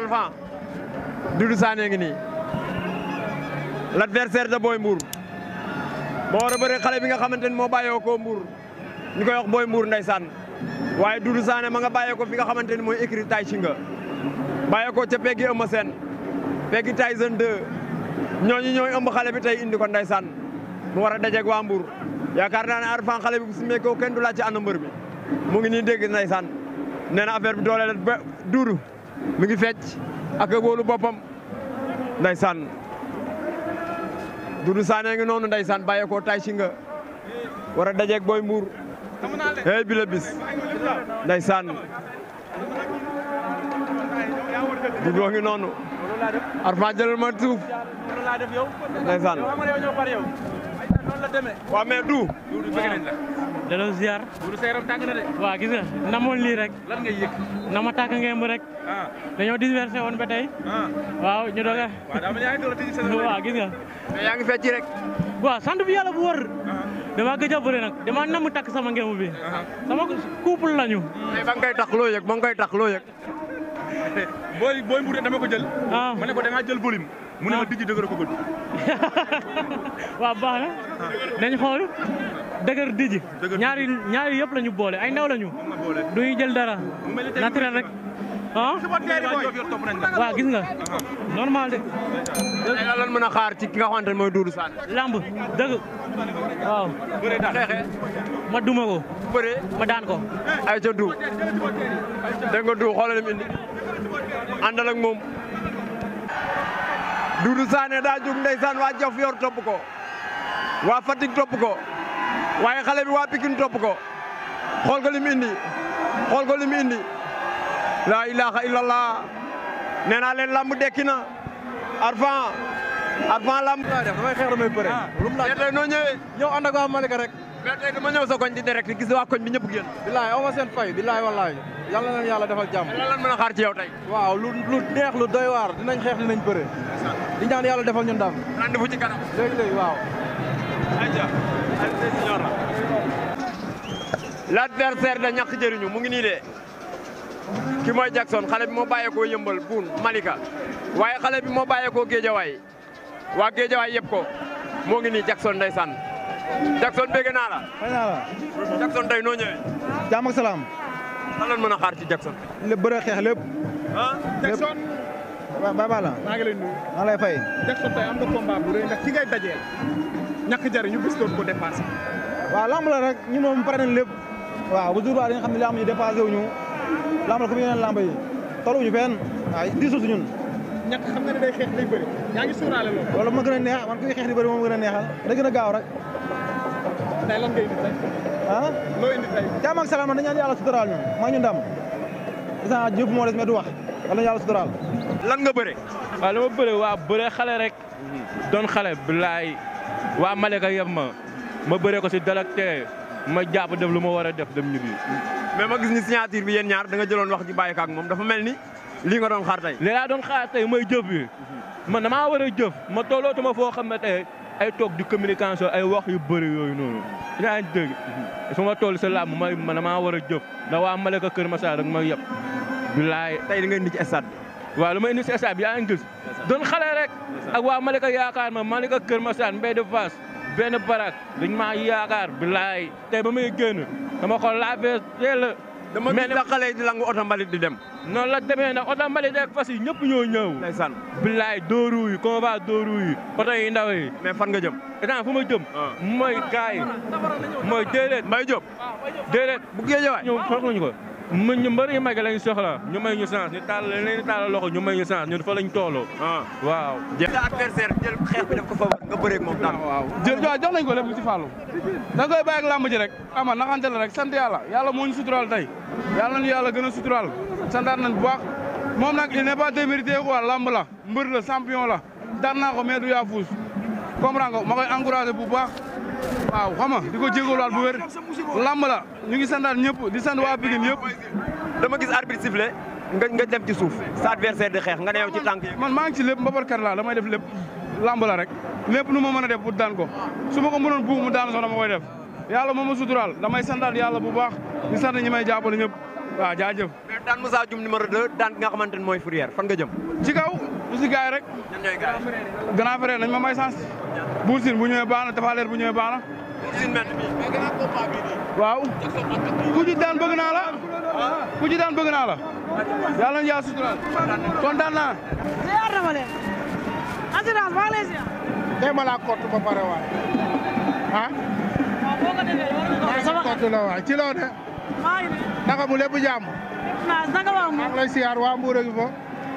Alpha Doudou Sané ngi nii l'adversaire de booy Mbour moo war a bëre xale bi nga xamante ni moo bàyyoo koo Mbour ñu koy wax Boy Mbour ndeysaan waaye Doudou Sané ma nga bàyyee ko fi nga xamante ni mooy écrit tay ci nga bàyyee ko ca peggi ëmb seen peggi Tyson 2 ñooñu ñooy ëmb xale bi tey indi ko ndeysaan mu war a dajeeg waa Mbour yaakaar naa ne Arfan xale bi bu simee ko kenn du laaj ci ana mbër bi mu ngi nii dégg ndeysaan nee na affaire bi doole la ba mi ngi fecc ak wóolu boppam ndeysaan Doudou Sané ngi noonu ndeysaan bàyyee koo tay si nga war a dajeeg booy mbuur hey bi la bis ndeysaan Doudou ngi noonu Arfan jëlal ma suuf ndeysaan waaw mais du delloo ziar. buuru seeram tàng na de. waaw gis nga namoon lii rek. lan ngay yëg. ma tàkk ngeen rek. Ah. dañoo dispersé woon ba tey. Ah. waaw ñu doog a. waaw daa a tijji seen waaw gis nga. mais ngi fecc rek. waaw sant bi yàlla bu wër. Ah. dama gëj a bëri nag dama nam takk sama ngeen bi. sama couple lañu. mais ba nga koy tax loo yëg ba nga koy tax loo yëg. booy booy mbuute dama ko jël. ma ne ko da jël volume. mu ne ma dijji dëgër ko gën. waaw baax na dañ xool. dëgër diji ñaari ñaari yëpp la ñu boole ay ndaw la ñu du ñu jël dara naturel rek ah gis nga normal de lan lan mën a xaar ci ki nga xamante ne mooy Doudou Sané lamb dëgg waaw ma duma ko bëre ma daan ko ay ca du dégg du xoolal indi àndal ak moom Doudou daa jug ndeysaan waa Diofior topp ko waa Fatick topp ko waaye xale bi waa Pikine topp ko xool ko li mu indi xool ko li indi laa ilaha illallah nee naa leen lamb dekki na Arfan Arfan lamb laa def damay xeex damay bëre ah. lu mu laaj tey noo ñëwee ñëw ànd ak Malika rek mais tey dama ñëw sa koñ di direct gis waa koñ bi ñëpp génn bilaay aw ma seen fay bilaay wallaay yàlla na leen yàlla defal jàmm lan a xaar ci yow tey waaw lu lu neex lu doy waar dinañ xeex dinañ bëre di ñaan yàlla defal ñun daam rendez ci kanam léegi léegi waaw l'adversaire da ñàkk jëriñu mu ngi nii de ki mooy Jackson xale bi moo bàyyeekoo yëmbal buun Malika waaye xale bi moo bàyyeekoo géejawaay waa géejawaay yëpp ko moo ngi nii Jackson ndeysaan Jackson bégg naa la. fay naa la Jackson tey noo ñëwee. jaam salaam. lan la mën a xaar ci Jackson. lépp bëre xeex lépp. ah Jackson. la. maa ngi lay lay fay. Jackson tey am nga combat bu rëy ndax ki ngay dajeel. ñàkk jariñu bis doon ko dépassé. waaw lamb la rek ñu moom pare nañ lépp waaw bu jour ba dañu xam ne lamb yi dépassé wuñu lamb la comme yeneen lamb yi tolluñu fenn waaw diisul si xam nga day xeex day bëri yaa ngi suuraale loolu. ma gën a neex a neexal day gën a gaaw rek. tey lan ngay indi tey. ah loo indi tey. ma ak salaam dañu naan yàlla suturaal ñu may ñu ndam a jëf moo des mais du wax wala yàlla suturaal. lan bëre. waaw li bëre waa bëre xale rek. Mhm. doon xale waa Malika yem ma ma bëre ko si dal ak tee ma jàpp def lu ma war a def dem ñibbi. mais ma gis ni signature bi yen ñaar da nga jëloon wax ji bàyyi ak moom dafa mel ni lii nga doon xaar tey. laa doon xaar tey mooy jëf ma na maa war a jëf ma ma foo xam ne tey ay toog di communication ay wax yu bëri yooyu noonu. yaa ngi dégg su ma toll sa làmb ma man damaa war a jëf ndax waa Malika Kër Massar rek ma yeb. bilaay tey da nga indi ci stade bi. waaw lu ma indi si bi yaa ngi gis doon xale rek ak waa Malika yaakaar ma Malika Kër Masaan Mbey de Fass benn barak dañ ma yaakaar bilaay te ba muy génn dama ko laafee teel a dama la xale yi di langu oto mbalit di dem noonu la demee nag oto mbalit ak fas yi ñëpp ñoo ñëw ndeysaan bilaay dóoru yi combat dóoru yi oto yi ndaw yi mais fan nga jëm étant fu ma jëm ah. moy gars yi mooy déedéet mbay Diop bu géej waay ñëw xool ko mu ñu mbëri yu mag lañ soxla ñu may ñu chance ñu taal leen ñu taal loxo ñu may ñu chance ñun fa lañ ah, waaw. jël sa adversaire jël xeex bi def ko faveur nga bëree ak moom tam. Ah, waaw jël jox nañ ko lépp ci Fallou. da koy bàyyi ak làmb ji rek. ama naxante la rek sant yàlla yàlla moo ñu suturaal tey yàlla nañu yàlla gën a suturaal santaat nañ bu baax moom nag il n'est pas démérité quoi làmb la mbër la champion la daan naa ko mais du yaa fuus comprendre bu baax waaw xam nga di ko jégaluwaat bu wér làmb la ñu ngi santaat ñëpp di sant waa Pikine yëpp. dama gis arbitre sifflé nga nga dem ci suuf sa adversaire di xeex nga ne yow ci tànk man maa ngi ci lépp mbabarkat laa damay def lépp làmb la rek lépp nu ma mën a def pour daan ko su ma ko mënoon buuf mu daan sax dama koy def yàlla moo ma suturaal damay santaat yàlla bu baax di sant ñi may jàppale ñëpp waaw jaajëf. mais daan Moussa Dioum numéro 2 daan nga xamante ne mooy Fourrière fan nga jëm. du si gars rek. grand frère nañ ma may sens. Bour Sine bu ñëwee baax na Tapha bu ñëwee baax na. waaw. daan bëgg naa la. ku daan bëgg naa la. yàlla na yàlla suturaal. kontaan naa. ziar na ma leen. assurance maa ngi kottu ba pare waay. Ah? la waay ci loo de. maa mu lépp jàmm. naa naka waa Mbour. fo.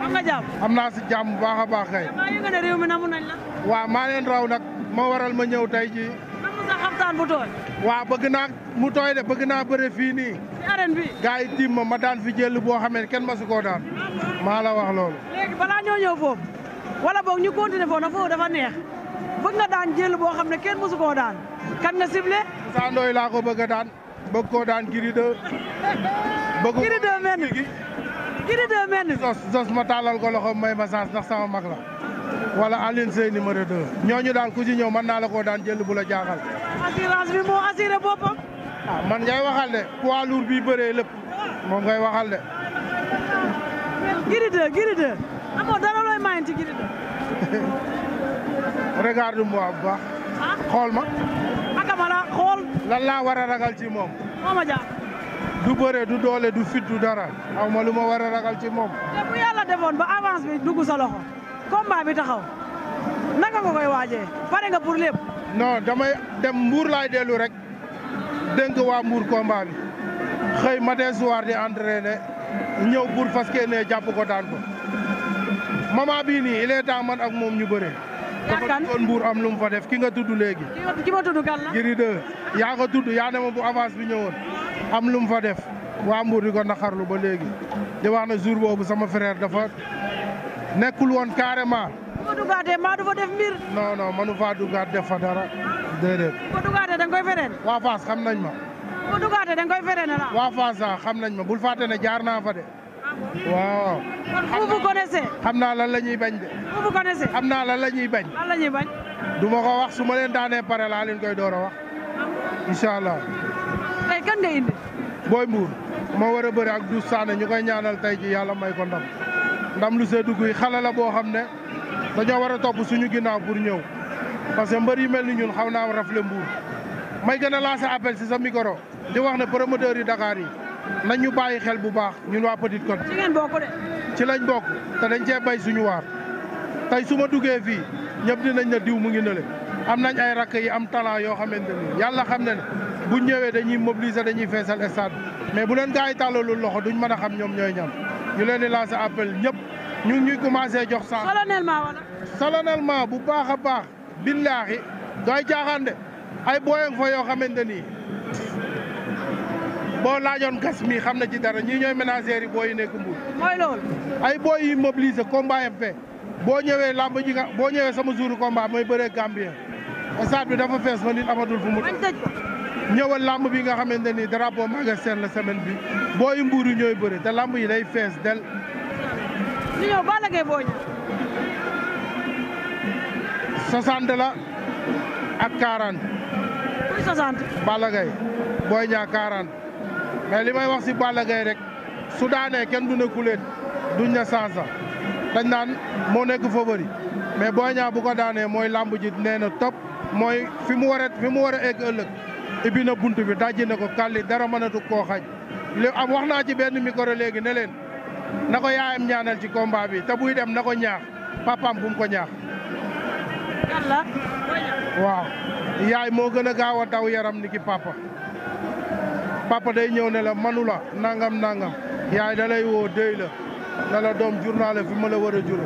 am nga jàmm am naa si bu baax a baax kay. maa na ne réew mi nañ la. waaw maa leen raw nag moo waral ma ñëw tey jii. lan mu sa xamtaan bu tooy. naa fii nii. si arène ma daan fi jël boo xamee kenn ma su koo daan. maa la wax loolu. léegi balaa ñoo ñëw foofu. wala boog ñu continuer foofu na foofu dafa neex. bëgg nga daan jël boo xam ne kenn mësu koo daan. kan nga ciblé. Moussa Ndoye laa bëgg a daan bëgg koo daan Gris 2. bëgg koo daan Gris Gris 2 mel ni. Zos Zos ma tàllal loxo may ma nax ndax sama mag la wala Alioune Seye numéro 2 ñooñu daal ku ci ñëw mën naa la koo daan jël bu la jaaxal. assurance moo assuré boppam. ah man ngay waxal de poids lourd bi bëree lépp moom ngay waxal de. Gris 2 amoo dara looy mayen ci Gris 2. regarde moi xool ma. akama la xool. lan laa war a ragal ci moom. du bëre du doole du fit du dara aw ma war a ragal ci moom. te bu yàlla defoon ba avance bi dugg sa loxo bi taxaw naka nga koy waajee pare nga pour lépp. noo damay dem mbuur laay dellu rek dénk waa mbuur combat xëy matin soir di entraîné ñëw pour fas ne jàpp ko daan ko moment bii nii il man ak moom ñu bëre. yaakaar dafa mbuur am lu mu fa def ki nga tudd léegi. ki ma tudd kan la. giri de yaa ko tudd yaa ne ma bu avance bi ñëwoon. am lu mu fa def waa Mbour di ko naxarlu ba léegi di wax na jour boobu sama frère dafa nekkul woon carrément. bu ko duggaatee maa du fa def mbir. non non manu faa duggaat def fa dara déedéet. bu ko koy fereen. waa Fass xam nañ ma. da nga koy fereen la. xam nañ ma bul fàtte ne jaar naa fa de. Ah, waaw. kon vous xam naa lan la ñuy bañ de. xam naa lan la ñuy bañ. lan la du ma ko wax su ma leen daanee pare laa leen koy door a wax ah, incha allah. tey kan nga indi. Boy Mbour moo war a bëri ak Doudou Sané ñu koy ñaanal tey ji yàlla may ko ndam lu see dugg yi xale la boo xam ne dañoo war a topp suñu ginnaaw pour ñëw parce que mbër yu mel ni ñun xam naa rafle Mbour. may gën a lancer appel si sa micro di wax ne promoteurs yi Dakar yi nañ ñu bàyyi xel bu baax ñun waa Petite Côte. ci ngeen bokk lañ bokk te dañ cee bay suñu waar tey su ma duggee fii ñëpp dinañ na diw mu ngi nële am nañ ay rakk yi am talent yoo xamante ni yàlla xam na buñ ñëwee dañuy mobiliser dañuy feesal stade mais bu leen gars yi tàllalul loxo duñ mën a xam ñoom ñooy ñam ñu leen di lancer appel ñëpp ñu ñuy commencé jox sang. solennellement wala. solennellement bu baax a baax. billaahi doy caaxaan de ay booyang fa yoo xamante ni boo laajoon gas mi xam na ci dara ñii ñoy ménagères yi booy yi nekk Mbour. mooy ay booy yi mobiliser combat boo ñëwee làmb ji nga boo ñëwee sama jouru combat mooy bëree Gambien stade bi dafa fees ba nit amatul fu mu. ñëwal làmb bi nga xamante ni drapeau magasin la semaine bi booy mbuur yi ñooy bëri te làmb yi day fees del ñu ñëw Balla Gaye Boy la ak 40. kuy 60. Balla Gaye Boy Niang li may wax si rek su daanee kenn du ne kuleet duñ na sansa dañ naan moo nekk favori mais Boy Niang bu daanee mooy làmb ji nee na topp mooy fi mu war a fi mu war ëllëg. ibbi na bunt bi dajji na ko kàlli dara mënatu koo xaj li am wax naa ci benn micro léegi ne leen na ko yaayam ñaanal ci combat bi te buy dem na ko ñaax papam bu ko ñaax. waaw yaay moo gën a gaaw a daw yaram ni ki papa papa day ñëw ne la manu nangam nangam yaay da lay woo déy la ne doom jur naa la fi ma la war a jur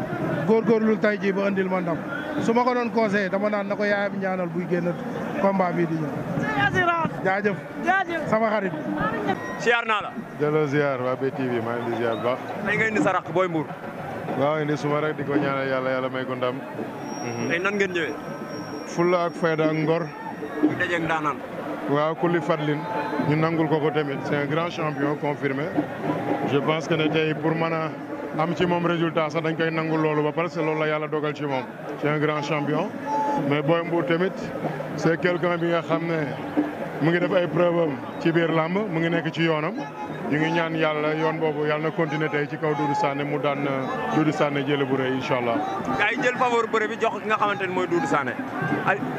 góorgóorlu tey jii ba andil ma ndam su ma ko doon conseillé dama naan na ko yaayam ñaanal buy génn. combat bii di ñëw. sama xarit. siyaar naa la. delloo ziar waa BTV maa ngi di ziar bu baax. tey nga indi sa rakk Boy waaw indi suma rek di ko yàlla yàlla may ko ndam. Mhm. tey nan fulla ak fayda ngor. ñu dajeeg ndaanaan. waaw Kuli Fadlin ñu nangul ko ko tamit c'est un grand champion confirmé je pense que ne tey pour mën a am ci moom résultat sax dañ koy nangul loolu ba pare la yàlla dogal ci moom c'est un grand champion. mais Boy Mbour tamit c'est quelqu'un bi nga xam ne mu ngi def ay preuve am ci biir lamb mu ngi nekk ci yoonam ñu ngi ñaan yàlla yoon boobu yàlla na continuer tey ci kaw Doudou saane mu daan Doudou Sané jëlee bu rëy allah. gars yi jël favori bëre bi jox ki nga xamante ni mooy Doudou Sané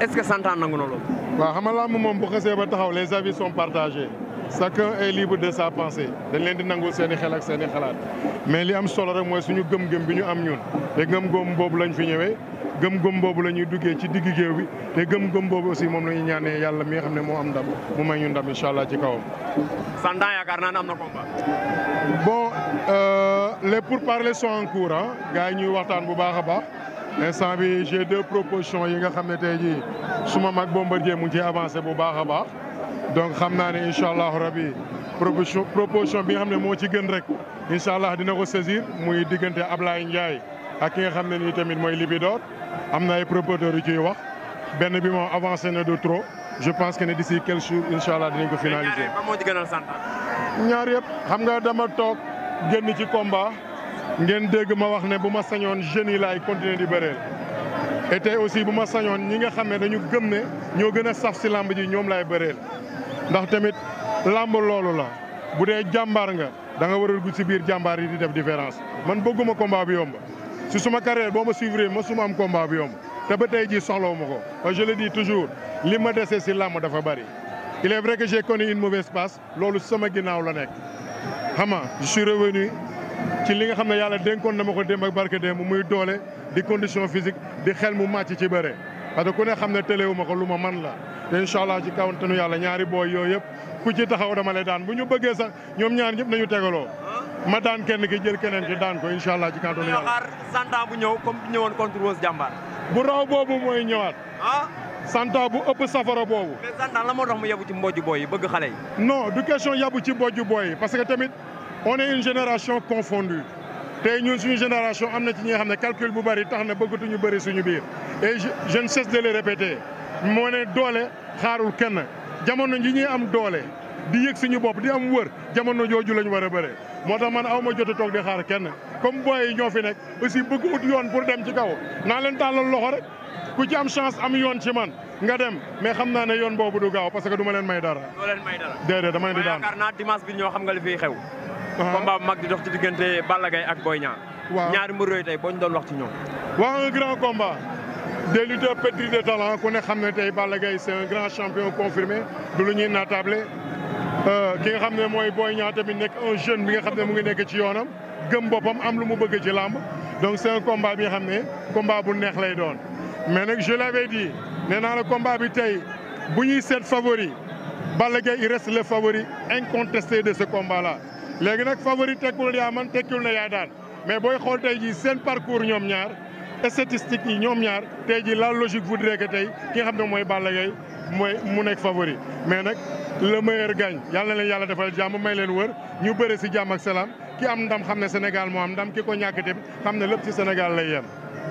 est-ce que santaan nangu na loolu. waaw xam nga làmb moom bu xasee ba taxaw les avis sont partagés. chacun est libre de sa pensée dañ leen di nangul seeni i xel ak seen i xalaat mais li am solo rek mooy suñu gëm-gëm bi ñu am ñun te gëm-gëm boobu lañ fi ñëwee gëm-gëm mboobu la ñuy duggee ci digg géew bi te gëm-gëm boobu aussi moom la ñuy ñaanee yàlla mi nga xam ne moo am ndam mu may ñu ndam incha allah ci kawam. Sandan yaakaar naa ne am na combat. bon euh, les pourparlers sont en cours ah gars ñuy waxtaan bu baax a baax. instant bi j'ai de propositions yi nga xam ne tey su ma mag Bombardier mu ngi avancé bu baax a baax. donc xam naa ne incha allahu rabi proposition proposition bi nga xam ne moo ci gën rek incha allah dina ko saisir muy diggante Ablaye Ndiaye ak ki nga xam ne nii tamit mooy Libidor am na ay propositeurs yu ciy wax benn bi moom avancé na de trop je pense que ne d'ici quelques jours incha allah dinañ ko finaliser. ñaar yëpp xam nga dama toog génn ci combat ngeen dégg ma wax ne bu ma sañoon jeunes yi laay continuer di bëreel et tey aussi bu ma sañoon ñi nga xam ne dañu gëm ne ñoo gën a saf si làmb ji ñoom laay bëreel. ndax tamit làmb loolu la bu dee jàmbaar nga danga nga war a biir jàmbaar yi di def différence man bëgguma combat bi yomb si suma carrière boo ma suivre ma suma am combat bi yomb te ba tey jii soxlawu ma ko je le toujours li ma dese si làmb dafa bari il est vrai que j'ai connu une mauvaise loolu sama ginnaaw la nekk xam nga je revenu ci li nga xam ne yàlla dénkoon na ma ko démb ak barke démb muy doole di condition physique di xel mu màcc ci bare parce que ne xam ne téléwu ma ko lu ma man la incha allah ci kawantanu yàlla ñaari booy yooyu yëpp ku ci taxaw dama lay daan bu ñu bëggee sax ñoom ñaar ñëpp nañu tegaloo. ma daan kenn ki jël keneen ki daan ko incha allah ci kawantanu yàlla. xaar santa bu ñëw comme ñëwoon contre Rose Jàmbaar. bu raw boobu mooy ñëwaat. ah. bu ëpp safara boobu. mais santa la moo tax mu yabu ci mbojj booy yi bëgg xale yi. non du question yabu ci mbojj booy yi parce que tamit on est une génération confondue. tey ñun suñu génération am na ci ñi nga xam ne calcul bu bëri tax na bëggatuñu bëri suñu biir et moo ne doole xaarul kenn jamono ji ñuy am doole di yëg suñu bopp di am wër jamono jooju lañ war a moo tax man aw ma jot a toog di xaar kenn comme booy yi ñoo fi nekk aussi bëgg ut yoon pour dem ci kaw naa leen tàllal loxo rek ku ci am chance am yoon ci man nga dem mais xam naa ne yoon boobu du gaaw parce que du ma leen may dara. doo leen may dara déedéet di daan yaakaar naa dimanche bi ñoo xam nga li fiy xew. Ah. combat bu mag di dox ci diggante Balla ak Boy Niang. waaw ñaari mbër yooyu tey boo ñu doon wax ci ñoom. grand combat. des lutteurs de talent ku ne xam ne tey Balla Gaye c'est un grand champion confirmé du lu ñuy naatable euh, ki nga xam ne mooy Boy Niang tamit nekk un jeune bi nga xam ne mu ngi nekk ci yoonam gëm boppam am lu mu bëgg ci làmb donc c'est un bi nga xam ne combat bu neex lay doon mais nag je l'avais dit nee naa la combat bi tey bu ñuy seet favori Balla Gaye il reste le favori incontesté de ce combat là léegi nag favori tekkul yaa man tekkul na yaa daal mais booy xool tey jii seen parcours ñoom ñaar statistiques yi ñoom ñaar tey ji la logique voudrait que tey ki nga xam ne mooy Balla Gaye mooy mu nekk favori mais nag le meilleur gagne na leen yàlla defal jàmm may wër ñu bëre si jàmm ak ki am ndam xam ne Sénégal moo am ndam ki ko ñàkk itam xam ne lépp ci Sénégal lay yem.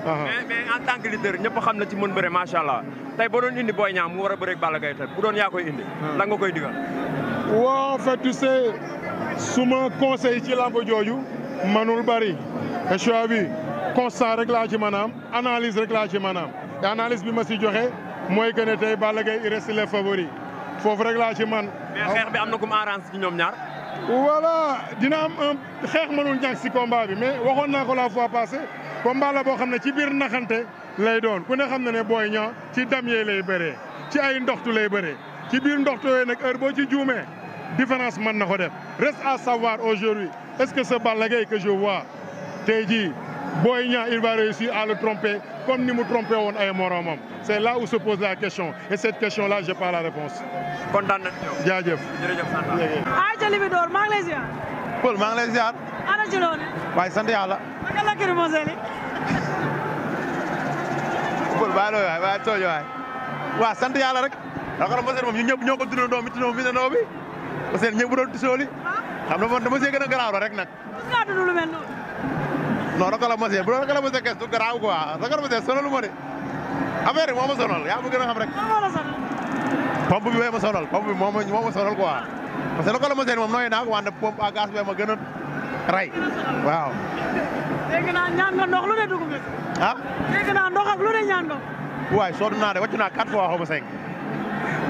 mais mais ñëpp xam na ci mën bëre macha allah tey boo doon indi Boy Niang mu war a bëre ak Balla Gaye tey bu doon yaa koy indi. Hmm. lan nga koy digal. waaw en suma conseil ci làmb jooju constat rek laa ci maanaam analyse rek laa ci maanaam te analyse bi ma si joxe mooy que ne tey Balla Gaye il reste les foofu rek laa ci man. mais xeex bi am na ku mu arrange ci ñoom ñaar. voilà dina am un xeex mënul ñàkk si combat bi mais waxoon naa ko la fois passée combat la boo xam ne ci biir naxante lay doon ku ne xam na ne booy ñaa ci dam yee lay bëree ci ay ndoxtu lay bëree ci biir ndoxtu yooyu nag heure boo ci juumee différence mën na ko def reste à savoir aujourd'hui est-ce que ce Balla Gaye que je Boy Niang il va réussir à le tromper comme ni mu trompé woon ay moromam c'est là où se la question et cette question là j'ai pas la réponse. kontaan nañu yow. jaajëf jërëjëf Paul maa ngi lay ziar. ana ci loolu. waaye sant yàlla. naka la kër Moselle. Paul baax na waay waay. waaw sant rek. d'accord Moselle moom ñun ñëpp ñoo ko tuddandoo mi tuddandoo mi tuddandoo bi Moselle ñëpp doon tisooli. Ah. xam nga man dama see gën a garaaw rek nag. mos ngaa dund lu non rakala mosee bu doon rakala kees du garaaw quoi rakala mosee sonalu de affaire yi moo yaa ma gën a rek. pompe bi bee ma sonal pompe bi moo ma moo ma sonal quoi parce nooy naa ko wante pompe à gaz bee ma gën a rey waaw. dégg naa ñaan nga ndox lu ne bi. ah dégg naa ndox ak lu ne ñaan waay soodu naa de wàccu naa quatre fois xaw ma cinq.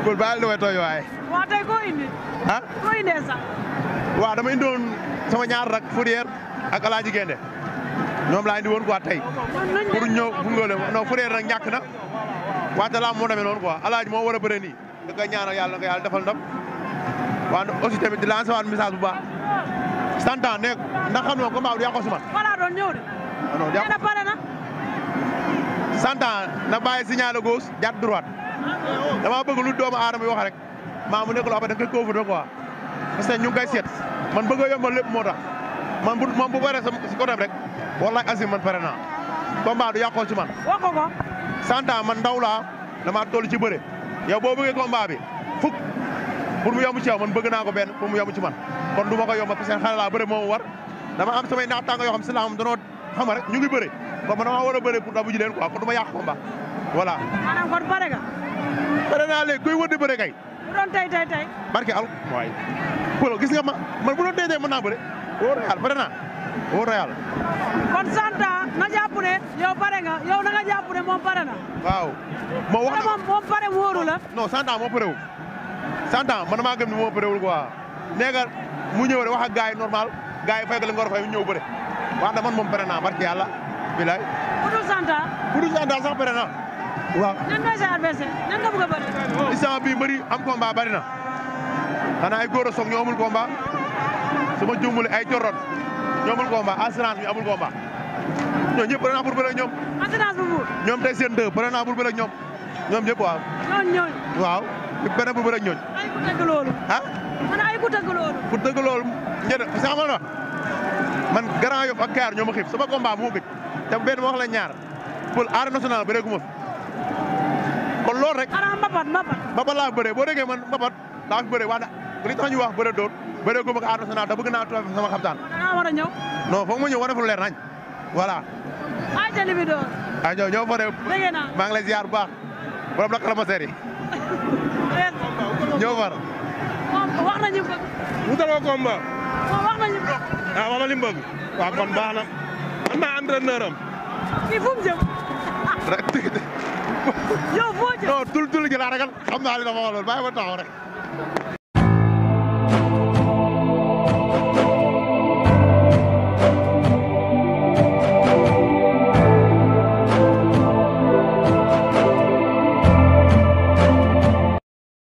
kon bàyyi la lu may tooy waaye. waaw tey koo indi. Ah? indoon sama ñaar rak ñoom laa di woon quoi tey pour ñëw gunge leen non Fourrière nag ñàkk na laa moo demee noonu quoi a bëre nii yàlla nga yàlla defal ndam waaw aussi tamit di lancer waat message bu baax santan nekk ndax xam nga combat du yàqu si man voilà doon ah, na pare na santan na bàyyi signal dama bëgg lu doomu aadama yi wax rek maa mu nekk loo xam ne da nga koy confondre quoi parce ñu ngi koy man bëgg a yombal lépp moo tax man bu man bu bëree rek wallaay asim man pare naa combat du yàqoo ci man. wax ko ko. santa man ndaw laa damaa toll ci bëre yow boo bëggee combat bi fukk pour mu yomb ci yow man bëgg naa ko benn pour mu yomb ci man kon du ma ko yomba parce que xale laa bëre moo war dama am samay naataango yoo xam si la xam danoo ñu ngi bëre kon man damaa war a bëre pour dabu ji leen quoi kon du ma yàq kon pare nga. pare naa léegi kuy wër di bëre kay. bu doon tey tey tey. al waay. gis ma wóor na kon Santa na jàpp yow pare yow na nga jàpp moom pare waaw ma wax na moom pare wóoru la. non Santa moo parewul Santa man maa gëm ne moo parewul quoi nee mu ñëw rek wax ak yi normal gars yi fay ko fay ñëw bëre wax na man moom pare naa barke yàlla Kudu Santa. Kudu Santa sax pare na. waaw nan nga sa adversaire nan nga bëgg a bëri. bii mbëri am combat bari na xanaa ay góor a soog ñoo amul combat ma juumul ay jorron. ñoo amul combat assurance bi amul combat ñoom ñëpp pare naa pour ñoom. buur. ñoom tey seen deux pare naa pour bëre ñoom ñoom ñëpp waaw. ñooñu waaw benn pour bëre ak ñooñu. ay man ay ku tëgg loolu. ku tëgg loolu ñeneen sax xam nga man Grand Yoff ak Kayar ñoo ma xiif sama combat moo gëj te benn ma wax la ñaar pour arène nationale bëree gu ma fi rek. xanaa mbapat mbapat. mbapat laa bëree boo man mbapat laa fi bëree waa li tax ñu wax bëre doon bëre ko bëgg Arène Nationale da bëgg naa trophée sama xamtaan. danaa war a ñëw. non foog leer nañ voilà. ayca li bi doon. ayca ñoo fa de. dégg naa ngi lay ziar bu baax. borom la kala ma ñoo far. wax nañu bëgg. wutaloo combat. moom wax nañu ah, wax na li mu bëgg. waaw kon baax na. man jëm. yow tul tul gi laa ragal xam naa li dafa waxoon bàyyi